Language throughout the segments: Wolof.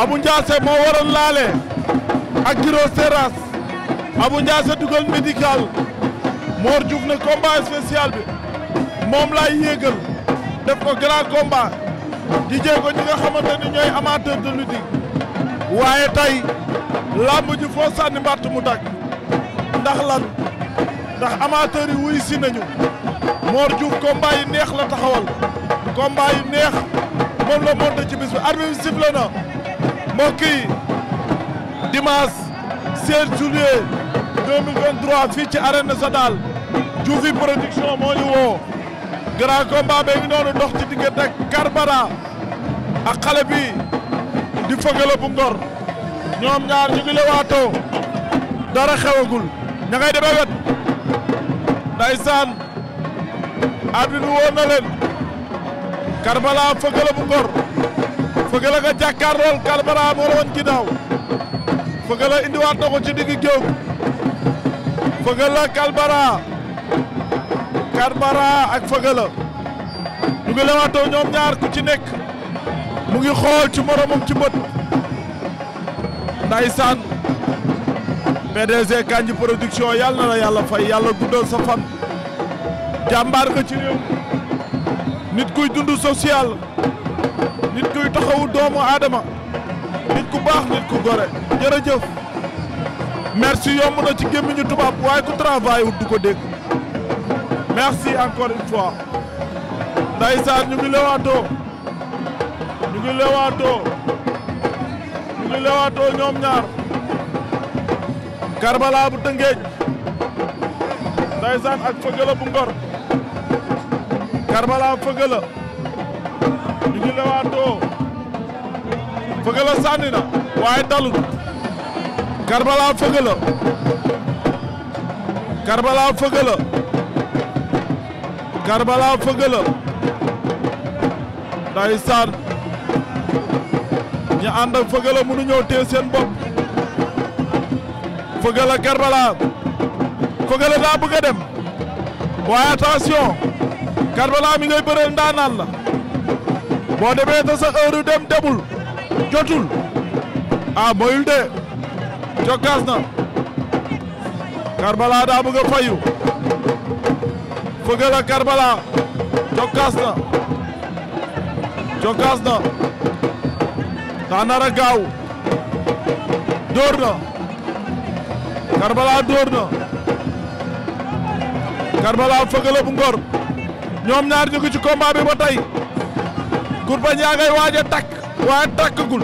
Abou Ndiassé moo waroon laale ak Giro Seras Abou Ndiassé dugal médical Mor Diouf ne combat bi moom laay yéegal def ko grand combat di jéego ñi nga xamante ni ñooy amateur de lutte waaye tey làmb ji foo sànni mbàtt mu dagg ndax lan ndax amateur yi wuy si nañu Mor Diouf combat yi neex la taxawal combat yi neex moom la monté ci bis bi arbitre bi sifflé na mbokk yi dimanche 16 juillet 2023 fii ci arène nationale Dioufy production moo ñu woo grand combat ngi noonu dox ci diggante ak Karbala ak xale bi di fëgala bu ngor ñoom ñaar ñu ngi dara xewagul ña ngay wet ndaysaan arbitre bi woon bu ngor Feugueleu nga jàkkaarlool Kalbara moo la woon ginnaaw Feugueleu indiwaat na ko ci digg géew Feugueleu Kalbara Kalbara ak Feugueleu ñu ngi lewaatoo ñoom ñaar ku ci nekk mu ngi xool ci moromam ci bët ndaysaan PDG Kandji production yàlla na la yàlla fay yàlla guddal sa fan jàmbaar nga ci nit kuy dund social nit kuy taxawu doomu aadama nit ku baax nit ku gore yomb na ci gémmiñu tubaab waaye ku travail wut ko dégg merci encore une fois ndaysaan ñu ngi ñu ngi lewaatoo ñu ngi lewaatoo ñoom ñaar Karbala bu Tëngéej ndaysaan ak Fëgëla bu Ngor Karbala Fëgëla ngi lewaatoo sànni na waaye dalul Karbala Feugeula Karbala Feugeula Karbala Feugeula ndeysaan ñi ànd ak Feugeula mënu bopp Feugeula Karbala Feugeula daa bëgg a dem waaye attention Karbala mi ngay bëreel ndaanaan la boo demee te sa heure dem demul jotul ah moyul de jokkaas na daa bëgg fayu fëgal ak Karbala jokkaas na gaaw dóor na Karbala dóor na bu ngor ñoom ñaar ñu ngi ba tey kurbañ yaa ngay waaj a takk waaye takkagul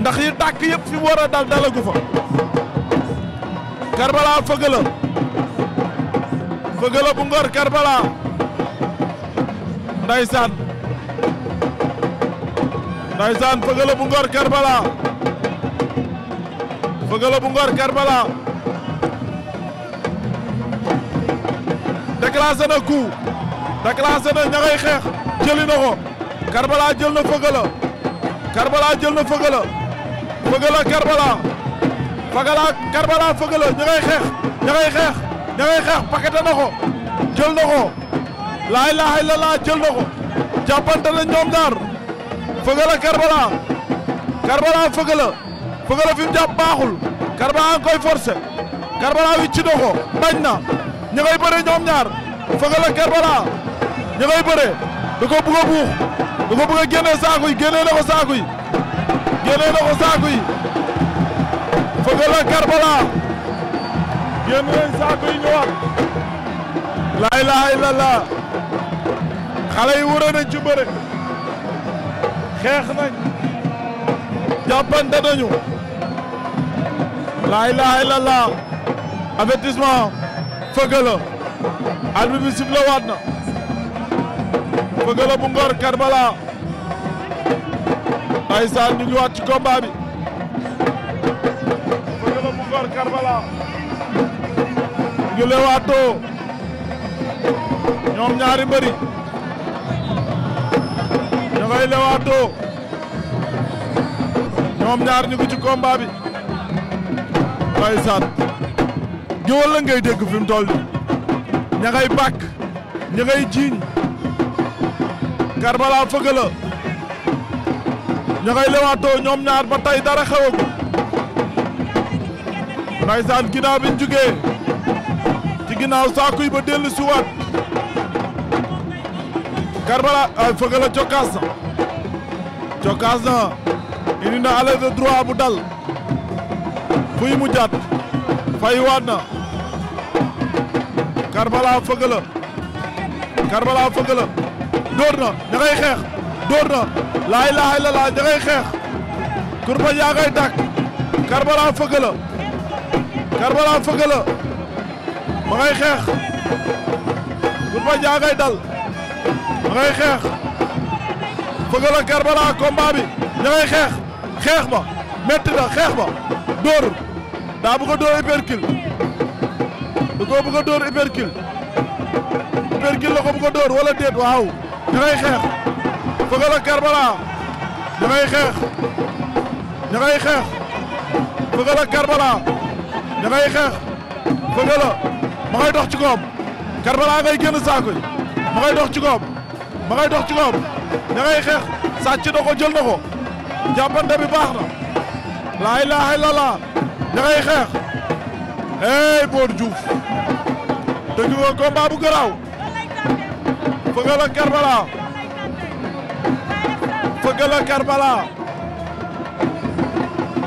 ndax yi takk yëpp fi war a dal fa Karbala fëgg la bu ngor Karbala ndaysaan ndaysaan fëgg la bu ngor Karbala fëgg bu ngor Karbala déclassé na coup déclassé na ña ngay xeex jëli na ko Karbala जल न फगल करबला जल न फगल फगल करबला फगला करबला फगल जगह खेख जगह खेख जगह खेख पकेट न हो जल न हो ला लाई ला जल न हो जापन तल जोमदार फगल करबला करबला फगल फगल फिर जा बाहुल करबला कोई फोर्स करबला विच न हो बन्ना जगह पर जोमदार फगल करबला जगह पर देखो बुगो बुगो da ko bëgg a génne saako yi génne saako yi génne na ko Karbala génne nañ saako yi ñëwaat. laa ilaaha illallah xale xeex nañ jàppante nañu laa ilaaha illallah avertissement fëgal la arbitre waat na. bëgg la bu ngor Karbala ndeysaan ñu ngi waat ci combat bi bëgg la bu ngor Karbala ñoom ñaari mbëri ñu ngay lewaatoo ñoom ñaar ñu ngi ci combat bi ndeysaan géwël la ngay dégg fi mu toll ña ngay bàkk ña ngay jiiñ Karbala fëgg la ña ngay lewaatoo ñoom ñaar ba tey dara xewagu ndaysaan ginnaaw bi ñu jugee ci ginnaaw saakuy ba dellu si waat Karbala ay fëgg la cokkaas na Ini na indi na aller de droit bu dal fuy mu jàtt fay waat na Karbala fëgg Karbala fëgg dóor na xeex dóor laay laay la laa ña ngay xeex yaa ngay dàkk Karbala fëgg la Karbala fëgg la ma ngay xeex kurbañ yaa ngay dal ma xeex fëgg la Karbala combat bi xeex xeex ba metti xeex ba dóor daa bëgg dóor hypercule da koo bëgg dóor hypercule hypercule la ko bëgg a dóor wala déet waaw نغيخيخ فغلا كربلا نغيخيخ نغيخيخ فغلا كربلا نغيخيخ فغلا مغاي دوخ تشكوم كربلا غاي كين ساكوي مغاي دوخ تشكوم مغاي دوخ تشكوم نغيخيخ ساتشي دوكو جيل نوكو جابان دبي باخنا لا اله الا الله نغيخيخ اي بورجوف تجيبو كومبا بو كراو fëgal ak Karbala fëgal ak Karbala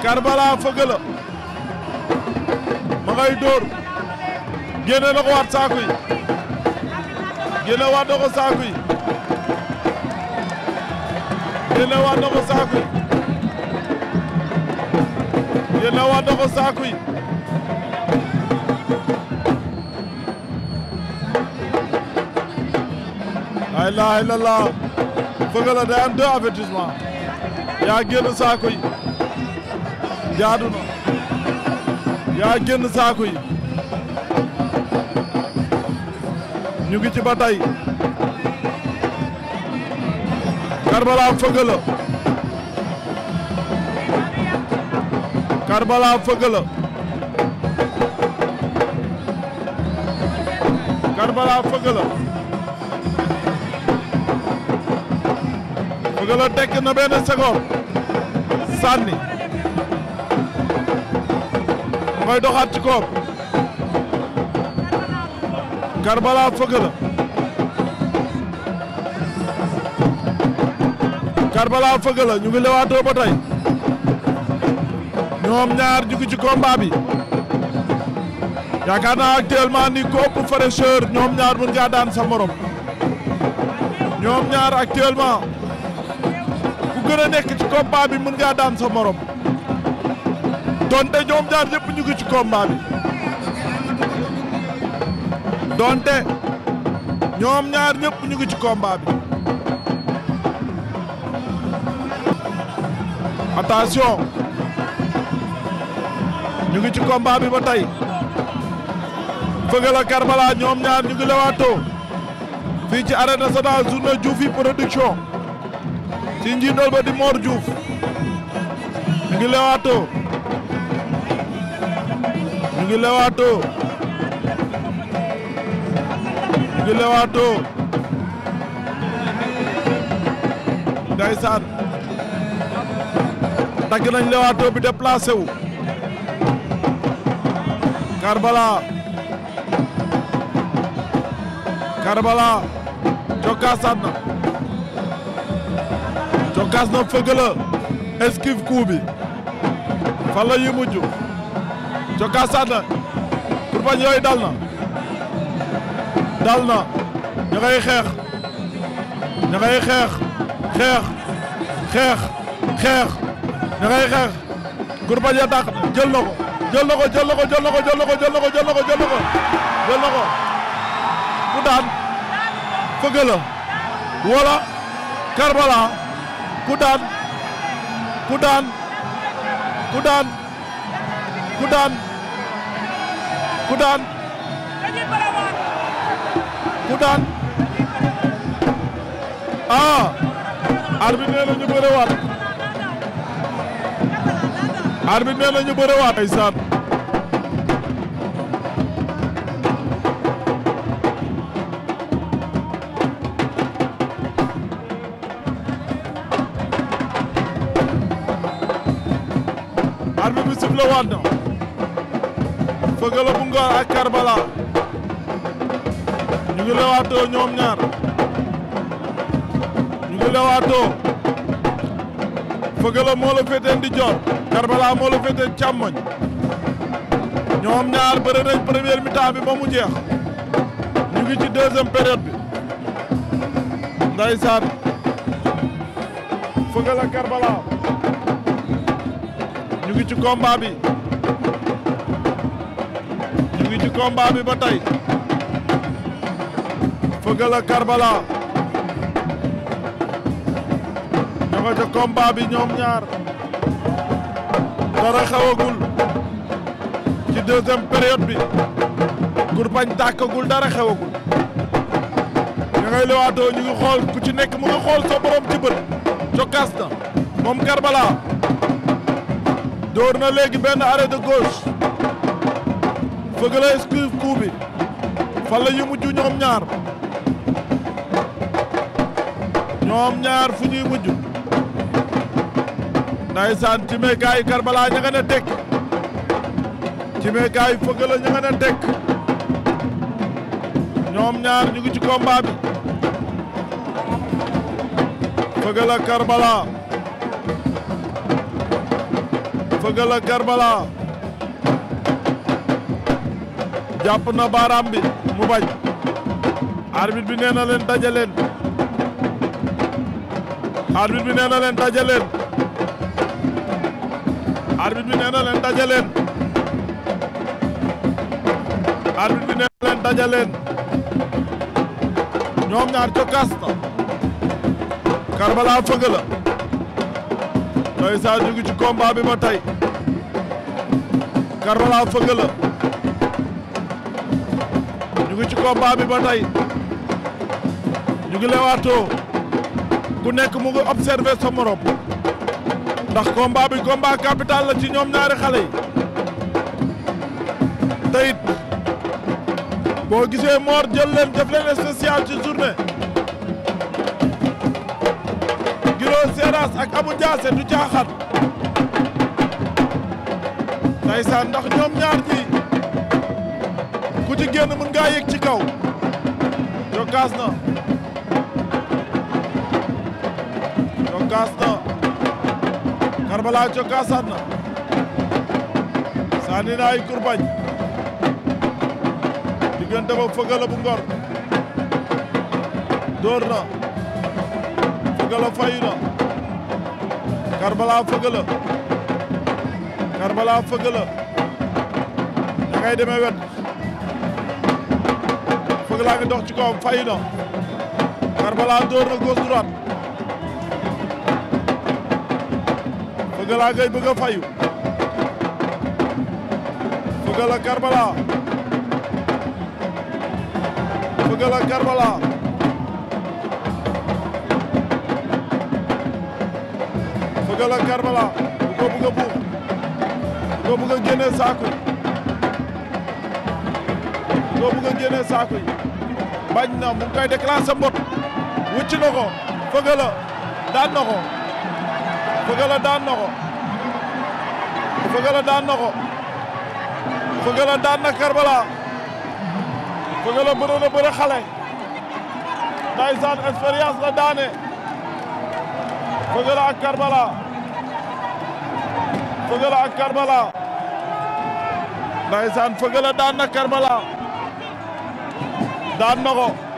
Karbala fëgal a ma ngay dóor génne na ko waat saako yi génne waat na ko saako yi génne waat na ko laa ilaaha illallaah Feugueleu la day am yaa génn saako yi yaa génn saako yi ñu ngi ci ba tey Karbala Feugueleu Pogola tekk na benn seconde sànni mooy doxaat ci koom Karbala Pogola Karbala Pogola ñu ngi lewaatoo ba ñoom ñaar jugu ci combat bi yaakaar ni ko ëpp ñoom ñaar mën ngaa daan sa morom ñoom ñaar actuellement gën a nekk ci combat bi mën ngaa daan sa donte ñoom ñaar ñëpp ñu ngi ci combat bi donte ñoom ñaar ñëpp ñu ngi ci combat bi attention ñu ngi ci combat bi ba tey Feugeul ak Karbala ñoom ñaar ñu ngi lewaatoo fii ci arène nationale journée Diofi production ci njiindal ba di Mor Diouf ñu ngi lewaatoo ñu ngi lewaatoo ñu ngi lewaatoo ndeysaan dagg nañ lewaatoo bi déplacé wu Karbala Karbala jokkaasaat na kaas na fëgg la esquive coup bi fan la yuy mujj cokkaasaat na dal na dal na ña xeex ña xeex xeex xeex xeex xeex kurbañ ya jël na jël na jël na jël na jël na jël na jël na jël na jël na ku daan fëgg la wala Karbala ku daan ku daan ku daan ku daan ku daan ku daan ah arbitre nee na ñu bëre waat arbitre nee na suuf la waat na Feugeuleu ñu ngi lewaatoo ñoom ñaar ñu ngi lewaatoo Feugeuleu moo la féete ndijoor Karbala moo la féete ñoom ñaar bëre nañ première bi ba jeex ñu ngi ci deuxième période bi ndeysaan Feugeuleu Karbala ñu ngi ci combat bi ñu ngi ci combat bi ba tey Feugeul Karbala ña nga ca combat bi ñoom ñaar dara xewagul ci deuxième période bi kurpañ tàkkagul dara xewagul ña ngay lewaatoo ñu ngi xool ku ci nekk mu ngi xool sa borom ci bët cokkaas moom Karbala door na léegi benn arrêt de gauche fëgg la esquive coup bi fan ñoom ñaar ñoom ñaar fu ñuy mujj ndaysaan cimeekaay Karbala ña nga ne tekk cimeekaay fëgg la ña nga ñoom ñaar ñu ngi ci combat bi fëgal ak Karbala na baaraam bi mu bañ arbitre bi nee na leen daje leen arbitre bi nee na leen bi nee na ñoom ñaar cokkaas na Karbala ndeysaan ñu ngi ci combat bi ba tey Karballah fëgg la ñu ngi ci combat bi ba tey ñu ngi lewaatoo ku nekk mu ngi observé sa morom ndax combat bi combat capital la ci ñom ñaari xalé tayit bo it boo gisee Mor jël leen def leen spécial ci journée. Seras ak Abou Diassé du caaxaan ndeysaan ndax ñoom ñaar ñi ku ci génn ci kaw jokkaas na jokkaas na Karbala jokkaasaat na sànni na ay kurbañ diggante ba bu ngor dóor na fëgala fayu na Karbala fëgg la Karbala fëgg ngay demee wet fëgg laa dox ci kawam fayu na Karbala na gauche droite fëgg ngay bëgg fayu fëgg la Karbala fëgg dugal ak Karbala bu ko bëgg a buux bu ko bëgg bañ na mu ngi koy déclenché mbot wucc na ko Feugeula daan na ko daan na ko daan na ko Feugeula daan na Karbala Feugeula bëre na bëre daane Feugeula ak Karbala Feugeula ak Karbala ndaysaan Feugeula daan na Karbala daan